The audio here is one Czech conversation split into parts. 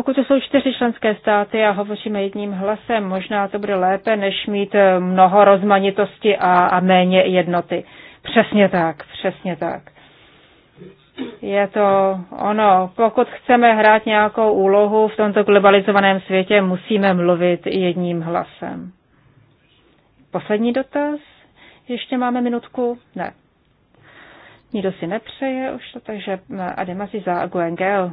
pokud to jsou čtyři členské státy a hovoříme jedním hlasem, možná to bude lépe, než mít eh, mnoho rozmanitosti a, a méně jednoty. Přesně tak, přesně tak. Je to ono, pokud chceme hrát nějakou úlohu v tomto globalizovaném světě, musíme mluvit jedním hlasem. Poslední dotaz? Ještě máme minutku? Ne. Nikdo si nepřeje už to, takže eh, Ademasi za Guengel.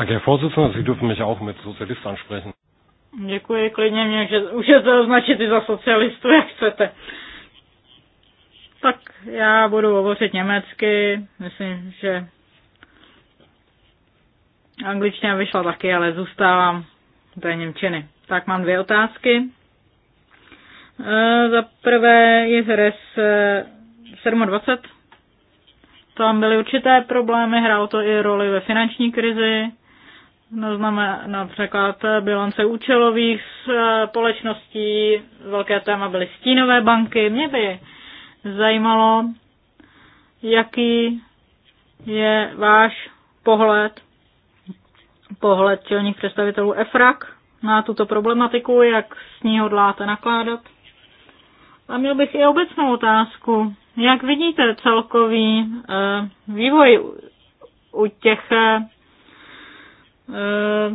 Tak, Herr Vorsitzender. Sie dürfen mich auch mit Sozialist ansprechen. Děkuji, klidně mě že můžete označit i za socialistu, jak chcete. Tak já budu hovořit německy, myslím, že angličtina vyšla taky, ale zůstávám té Němčiny. Tak mám dvě otázky. E, za prvé je e, 27. Tam byly určité problémy, hrálo to i roli ve finanční krizi. No, znamená například bilance účelových eh, společností, velké téma byly stínové banky. Mě by zajímalo, jaký je váš pohled, pohled čelních představitelů EFRAK na tuto problematiku, jak s ní hodláte nakládat. A měl bych i obecnou otázku. Jak vidíte celkový eh, vývoj u těch eh, Eh,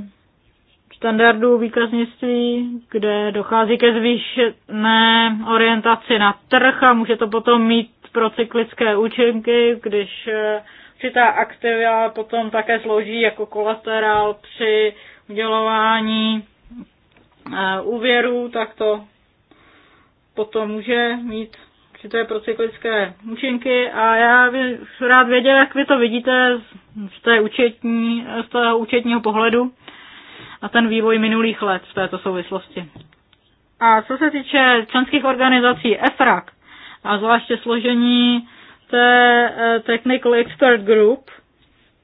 standardů výkaznictví, kde dochází ke zvýšené orientaci na trh a může to potom mít pro cyklické účinky, když eh, určitá aktiva potom také slouží jako kolaterál při udělování eh, úvěru, tak to potom může mít že to je pro cyklické účinky a já bych rád věděl, jak vy to vidíte z, té účetní, z toho účetního pohledu a ten vývoj minulých let v této souvislosti. A co se týče členských organizací EFRAG a zvláště složení té eh, Technical Expert Group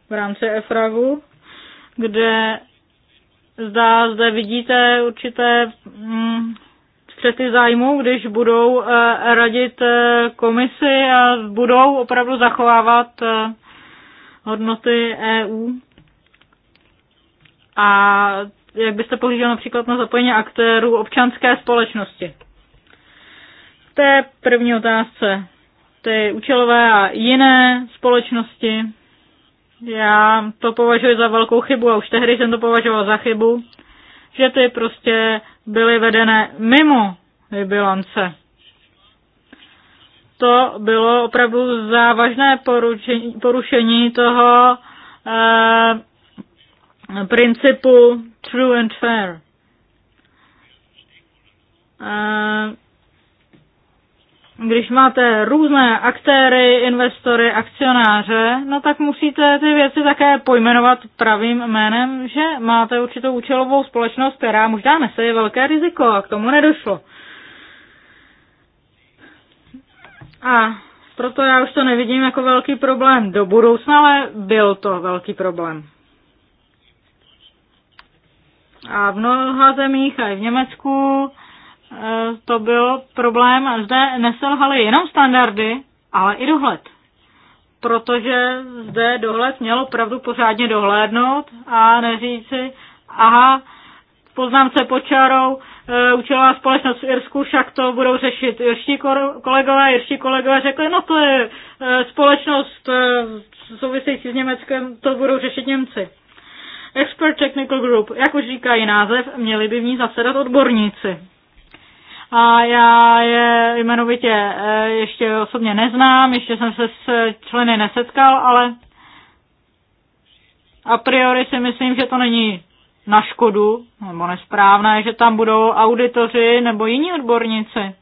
v rámci EFRAGu, kde zdá, zde vidíte určité mm, střety zájmu, když budou eh, radit eh, komisi a budou opravdu zachovávat eh, hodnoty EU. A jak byste pohlížel například na zapojení aktérů občanské společnosti? V té první otázce, ty účelové a jiné společnosti, já to považuji za velkou chybu a už tehdy jsem to považoval za chybu, že ty prostě byly vedené mimo bilance. To bylo opravdu závažné poručení, porušení toho eh, principu true and fair. Eh, když máte různé aktéry, investory, akcionáře, no tak musíte ty věci také pojmenovat pravým jménem, že máte určitou účelovou společnost, která možná nese je velké riziko a k tomu nedošlo. A proto já už to nevidím jako velký problém do budoucna, ale byl to velký problém. A v mnoha zemích, a i v Německu, Eh, to byl problém zde neselhaly jenom standardy, ale i dohled. Protože zde dohled měl opravdu pořádně dohlédnout a neříci, si, aha, poznámce pod čarou, eh, učila společnost v Irsku, však to budou řešit irští kolegové, irští kolegové řekli, no to je eh, společnost související s Německem, to budou řešit Němci. Expert Technical Group, jak už říkají název, měli by v ní zasedat odborníci a já je jmenovitě eh, ještě osobně neznám, ještě jsem se s členy nesetkal, ale a priori si myslím, že to není na škodu nebo nesprávné, že tam budou auditoři nebo jiní odborníci.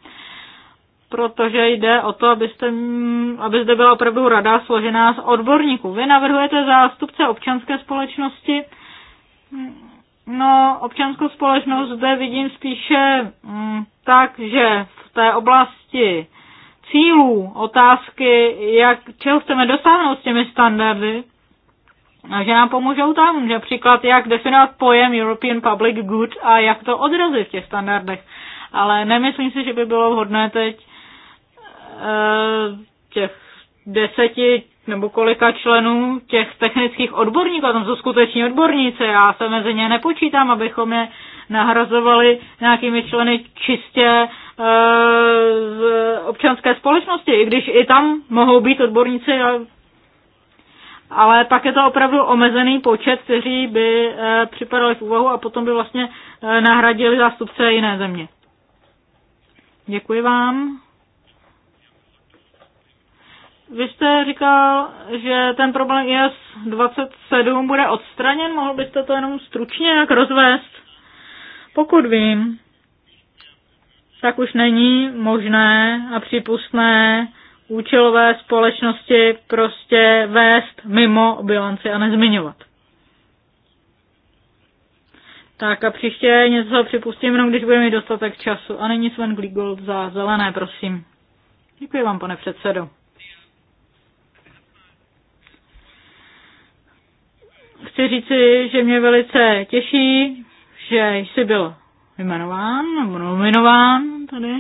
Protože jde o to, abyste, aby zde byla opravdu rada složená z odborníků. Vy navrhujete zástupce občanské společnosti No, občanskou společnost zde vidím spíše mm, tak, že v té oblasti cílů, otázky, jak, čeho chceme dosáhnout s těmi standardy, že nám pomůžou tam, že příklad, jak definovat pojem European Public Good a jak to odrazit v těch standardech. Ale nemyslím si, že by bylo vhodné teď e, těch deseti nebo kolika členů těch technických odborníků, a tam jsou skuteční odborníci, já se mezi ně nepočítám, abychom je nahrazovali nějakými členy čistě e, z občanské společnosti, i když i tam mohou být odborníci, ale pak je to opravdu omezený počet, kteří by e, připadali v úvahu a potom by vlastně e, nahradili zástupce jiné země. Děkuji vám. Vy jste říkal, že ten problém IS 27 bude odstraněn, mohl byste to jenom stručně jak rozvést? Pokud vím, tak už není možné a přípustné účelové společnosti prostě vést mimo bilanci a nezmiňovat. Tak a příště něco připustím, jenom když budeme mít dostatek času. A není Sven Glígol za zelené, prosím. Děkuji vám, pane předsedo. Chci říci, že mě velice těší, že jsi byl jmenován, nebo nominován tady.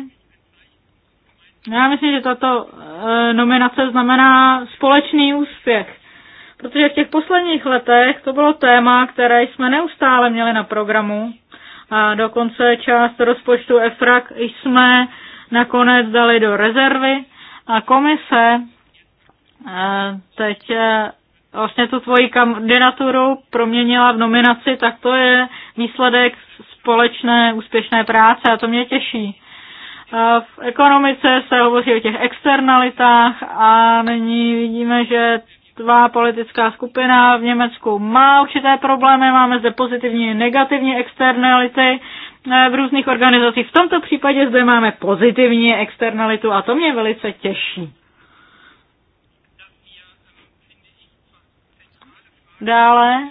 Já myslím, že tato e, nominace znamená společný úspěch, protože v těch posledních letech to bylo téma, které jsme neustále měli na programu a dokonce část rozpočtu EFRAK jsme nakonec dali do rezervy a komise e, teď e, vlastně tu tvoji kandidaturu proměnila v nominaci, tak to je výsledek společné úspěšné práce a to mě těší. V ekonomice se hovoří o těch externalitách a nyní vidíme, že tvá politická skupina v Německu má určité problémy, máme zde pozitivní i negativní externality e, v různých organizacích. V tomto případě zde máme pozitivní externalitu a to mě velice těší. Dále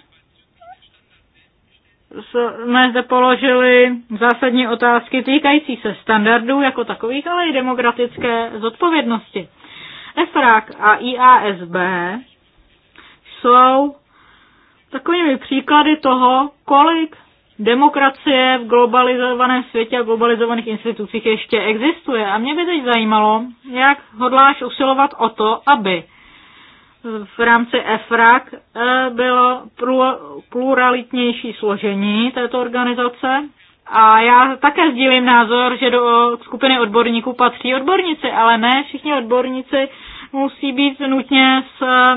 jsme zde položili zásadní otázky týkající se standardů jako takových, ale i demokratické zodpovědnosti. EFRAG a IASB jsou takovými příklady toho, kolik demokracie v globalizovaném světě a globalizovaných institucích ještě existuje. A mě by teď zajímalo, jak hodláš usilovat o to, aby v rámci EFRAG eh, bylo pluralitnější složení této organizace. A já také sdílím názor, že do skupiny odborníků patří odborníci, ale ne všichni odborníci musí být nutně z eh,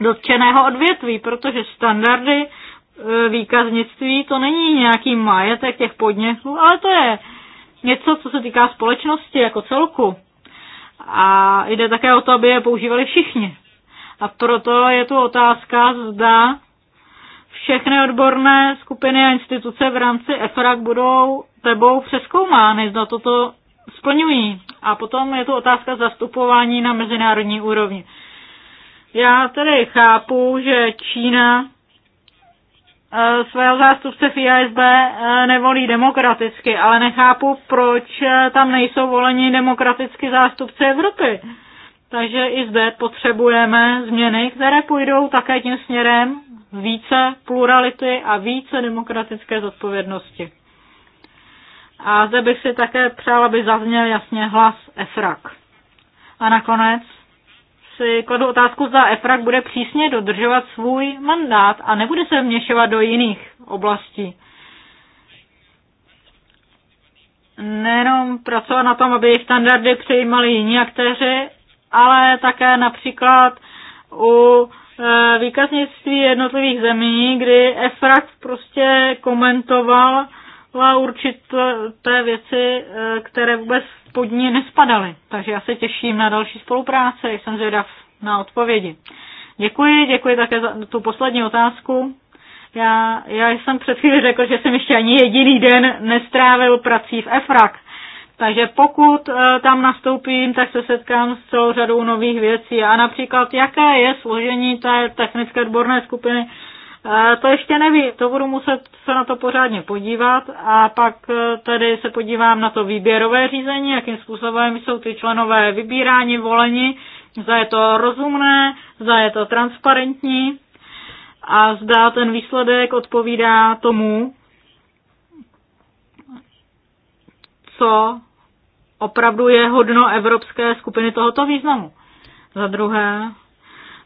dotčeného odvětví, protože standardy eh, výkaznictví to není nějaký majetek těch podniků, ale to je něco, co se týká společnosti jako celku. A jde také o to, aby je používali všichni. A proto je tu otázka, zda všechny odborné skupiny a instituce v rámci EFRAG budou tebou přeskoumány, zda toto splňují. A potom je tu otázka zastupování na mezinárodní úrovni. Já tedy chápu, že Čína eh, svého zástupce v eh, nevolí demokraticky, ale nechápu, proč eh, tam nejsou voleni demokraticky zástupci Evropy. Takže i zde potřebujeme změny, které půjdou také tím směrem více plurality a více demokratické zodpovědnosti. A zde bych si také přál, aby zazněl jasně hlas EFRAK. A nakonec si kladu otázku, zda EFRAK bude přísně dodržovat svůj mandát a nebude se vměšovat do jiných oblastí. Nejenom pracovat na tom, aby standardy přijímali jiní aktéři, ale také například u e, výkaznictví jednotlivých zemí, kdy EFRAK prostě komentoval určité věci, e, které vůbec pod ní nespadaly. Takže já se těším na další spolupráce, jsem zvědav na odpovědi. Děkuji, děkuji také za tu poslední otázku. Já, já jsem před chvíli řekl, že jsem ještě ani jediný den nestrávil prací v EFRAK. Takže pokud e, tam nastoupím, tak se setkám s celou řadou nových věcí. A například, jaké je složení té technické odborné skupiny, e, to ještě nevím, to budu muset se na to pořádně podívat a pak e, tedy se podívám na to výběrové řízení, jakým způsobem jsou ty členové vybíráni, voleni, zda je to rozumné, zda je to transparentní a zda ten výsledek odpovídá tomu, co opravdu je hodno evropské skupiny tohoto významu. Za druhé,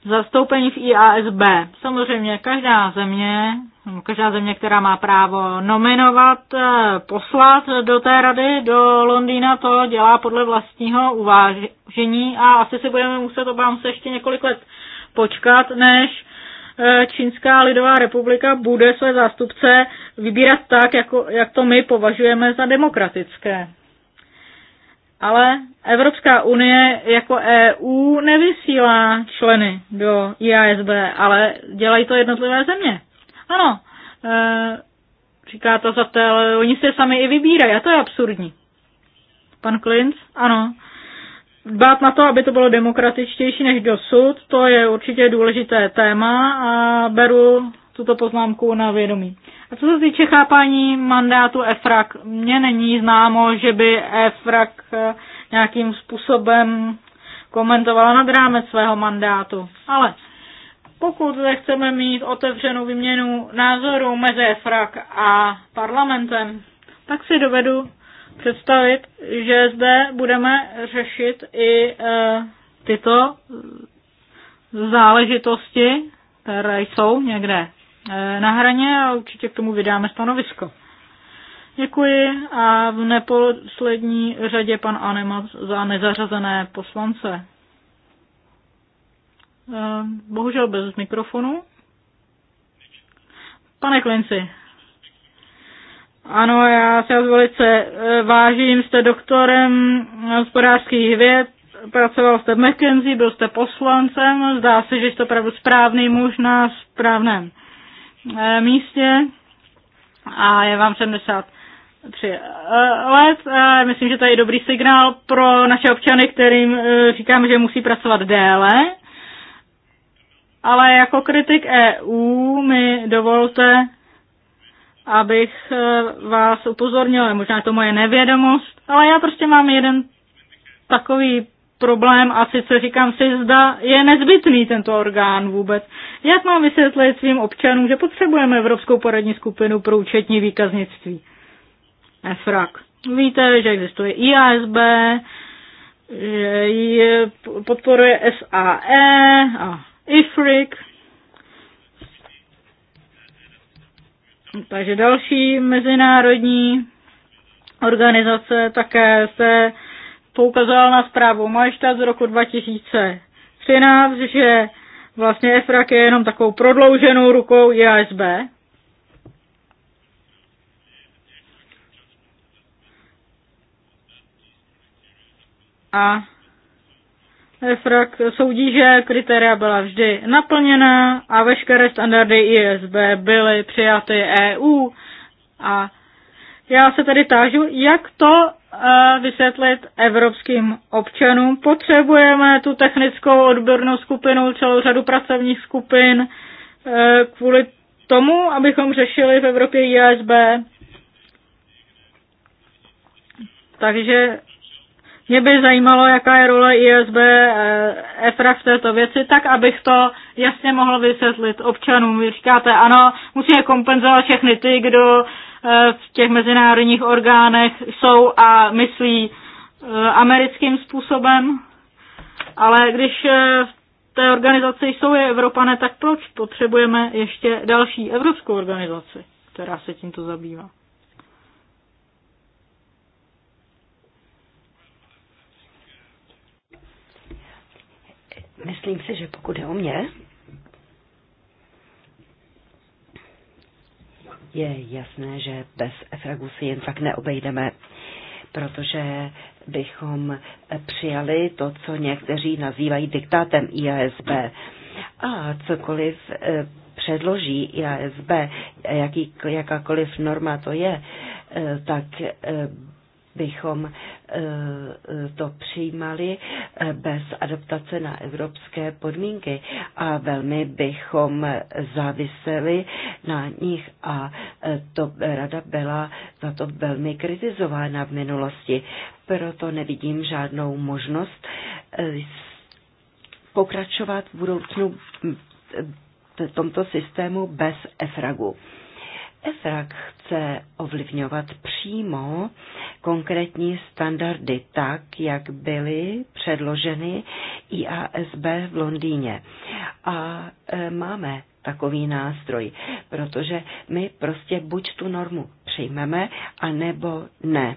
zastoupení v IASB. Samozřejmě každá země, každá země, která má právo nominovat, eh, poslat do té rady, do Londýna, to dělá podle vlastního uvážení a asi si budeme muset, obávám se, ještě několik let počkat, než eh, Čínská lidová republika bude své zástupce vybírat tak, jako, jak to my považujeme za demokratické. Ale Evropská unie jako EU nevysílá členy do IASB, ale dělají to jednotlivé země. Ano, e, říká to za ale oni se sami i vybírají a to je absurdní. Pan Klinc? Ano. Dbát na to, aby to bylo demokratičtější než dosud, to je určitě důležité téma a beru tuto poznámku na vědomí. A co se týče chápání mandátu EFRAK, mně není známo, že by EFRAK eh, nějakým způsobem komentovala nad rámec svého mandátu. Ale pokud chceme mít otevřenou výměnu názorů mezi EFRAK a parlamentem, tak si dovedu představit, že zde budeme řešit i e, tyto záležitosti, které jsou někde Eh, na hraně a určitě k tomu vydáme stanovisko. Děkuji a v neposlední řadě pan Anema za nezařazené poslance. Eh, bohužel bez mikrofonu. Pane Klinci. Ano, já si vás velice eh, vážím, jste doktorem hospodářských věd, pracoval jste v McKenzie, byl jste poslancem, zdá se, že jste opravdu správný muž na správném Eh, místě a je vám 73 eh, let. Myslím, že to je dobrý signál pro naše občany, kterým eh, říkám, že musí pracovat déle. Ale jako kritik EU mi dovolte, abych vás upozornil, možná je to moje nevědomost, ale já prostě mám jeden takový problém a co říkám si, zda je nezbytný tento orgán vůbec. Jak mám vysvětlit svým občanům, že potřebujeme Evropskou poradní skupinu pro účetní výkaznictví? EFRAG. Víte, že existuje IASB, že je podporuje SAE a e IFRIC. Takže další mezinárodní organizace také se poukazoval na zprávu Majšta z roku 2013, že vlastně EFRAK je jenom takovou prodlouženou rukou IASB. A EFRAK soudí, že kritéria byla vždy naplněna a veškeré standardy ISB byly přijaty EU a já se tedy tážu, jak to eh, vysvětlit evropským občanům. Potřebujeme tu technickou odbornou skupinu, celou řadu pracovních skupin eh, kvůli tomu, abychom řešili v Evropě ISB. Takže mě by zajímalo, jaká je role ISB eh, EFRA v této věci, tak abych to jasně mohl vysvětlit občanům. Vy říkáte, ano, musíme kompenzovat všechny ty, kdo v těch mezinárodních orgánech jsou a myslí eh, americkým způsobem, ale když eh, v té organizaci jsou je Evropané, tak proč potřebujeme ještě další evropskou organizaci, která se tímto zabývá? Myslím si, že pokud je o mě, Je jasné, že bez Efragu si jen tak neobejdeme, protože bychom přijali to, co někteří nazývají diktátem IASB. A cokoliv eh, předloží IASB, jaký, jakákoliv norma to je, eh, tak eh, bychom to přijímali eh, bez adaptace na evropské podmínky a velmi bychom záviseli na nich a eh, to rada byla za to velmi kritizována v minulosti. Proto nevidím žádnou možnost eh, pokračovat v budoucnu v mm, tomto systému bez EFRAGu. Efrak chce ovlivňovat přímo konkrétní standardy tak, jak byly předloženy IASB v Londýně. A e, máme takový nástroj, protože my prostě buď tu normu přijmeme, anebo ne.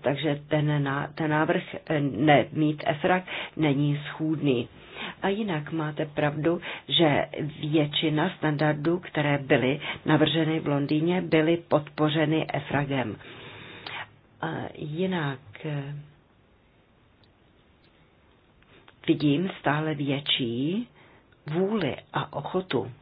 Takže ten, ten návrh e, nemít EFRAK není schůdný. A jinak máte pravdu, že většina standardů, které byly navrženy v Londýně, byly podpořeny EFRAGem. A jinak eh, vidím stále větší vůli a ochotu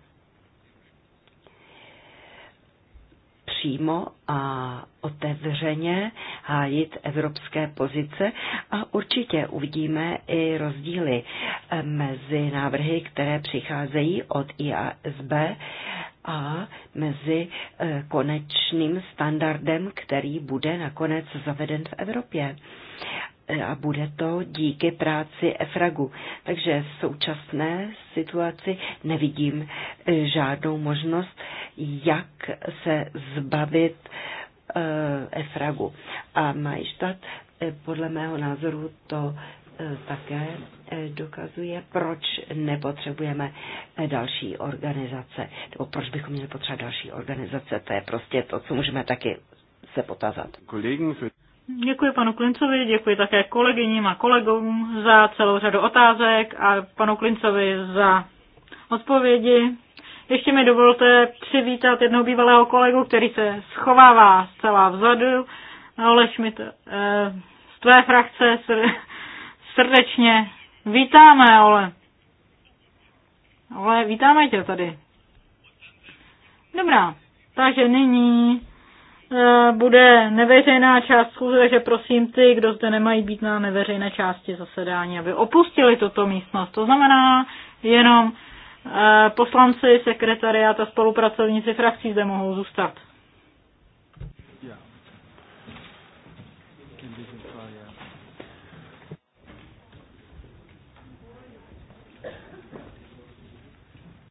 přímo a otevřeně hájit evropské pozice a určitě uvidíme i rozdíly eh, mezi návrhy, které přicházejí od IASB a mezi eh, konečným standardem, který bude nakonec zaveden v Evropě a bude to díky práci EFRAGu. Takže v současné situaci nevidím eh, žádnou možnost, jak se zbavit eh, EFRAGu. A Majštat eh, podle mého názoru to také dokazuje, proč nepotřebujeme další organizace, nebo proč bychom měli potřebovat další organizace. To je prostě to, co můžeme taky se potazat. Děkuji panu Klincovi, děkuji také kolegyním a kolegům za celou řadu otázek a panu Klincovi za odpovědi. Ještě mi dovolte přivítat jednoho bývalého kolegu, který se schovává zcela vzadu. Oleš mi to, eh, z tvé frakce srdečně vítáme, Ole. Ole, vítáme tě tady. Dobrá, takže nyní Eh, bude neveřejná část schůze, takže prosím ty, kdo zde nemají být na neveřejné části zasedání, aby opustili tuto místnost. To znamená jenom eh, poslanci, sekretariát a spolupracovníci frakcí zde mohou zůstat.